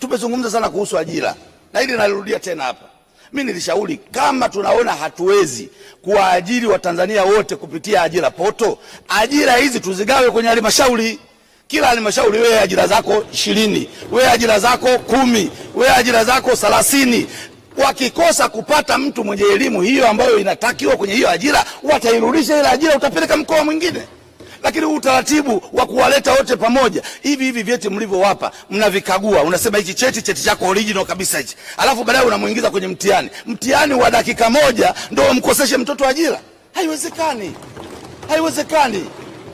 tumezungumza sana kuhusu ajira na hili nalirudia tena hapa. Mimi nilishauri kama tunaona hatuwezi kuwaajiri Watanzania wote kupitia ajira poto, ajira hizi tuzigawe kwenye halmashauri. Kila halmashauri wewe ajira zako ishirini, wewe ajira zako kumi, wewe ajira zako thelathini. Wakikosa kupata mtu mwenye elimu hiyo ambayo inatakiwa kwenye hiyo ajira, watairudisha ile ajira, utapeleka mkoa mwingine lakini utaratibu wa kuwaleta wote pamoja hivi hivi, vyeti mlivyowapa mnavikagua, unasema hichi cheti cheti chako original kabisa hichi, alafu baadaye unamuingiza kwenye mtihani, mtihani wa dakika moja ndio umkoseshe mtoto ajira? Haiwezekani, haiwezekani.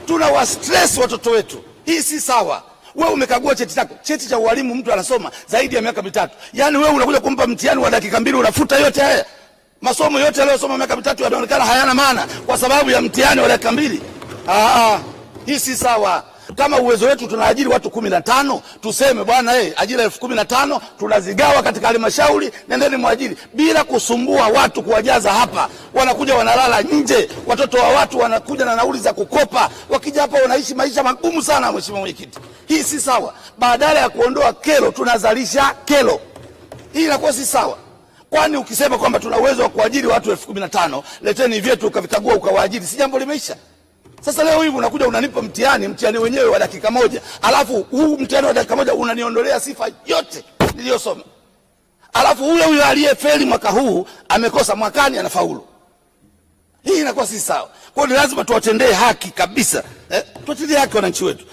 Tuna wa stress watoto wetu, hii si sawa. Wewe umekagua cheti chako, cheti cha ualimu, mtu anasoma zaidi ya miaka mitatu, yaani wewe unakuja kumpa mtihani wa dakika mbili, unafuta yote haya masomo yote aliyosoma miaka mitatu yanaonekana hayana maana kwa sababu ya mtihani wa dakika mbili. Aa, ah, ah. hii si sawa. Kama uwezo wetu tunaajiri watu kumi na tano, tuseme bwana hey, ajira elfu kumi na tano tunazigawa katika halmashauri, nendeni mwajiri bila kusumbua watu kuwajaza hapa. Wanakuja wanalala nje, watoto wa watu wanakuja na nauli za kukopa, wakija hapa wanaishi maisha magumu sana. Mheshimiwa Mwenyekiti, hii si sawa. Badala ya kuondoa kero tunazalisha kero. Hii inakuwa si sawa. Kwani ukisema kwamba tuna uwezo wa kuajiri watu elfu kumi na tano, leteni vyetu ukavikagua ukawaajiri, si jambo limeisha? Sasa leo hivi unakuja unanipa mtihani, mtihani wenyewe wa dakika moja, alafu huu mtihani wa dakika moja unaniondolea sifa yote niliyosoma, alafu ule huyo aliyefeli mwaka huu amekosa mwakani anafaulu. Hii inakuwa si sawa. Kwa hiyo ni lazima tuwatendee haki kabisa, eh? Tuwatendee haki wananchi wetu.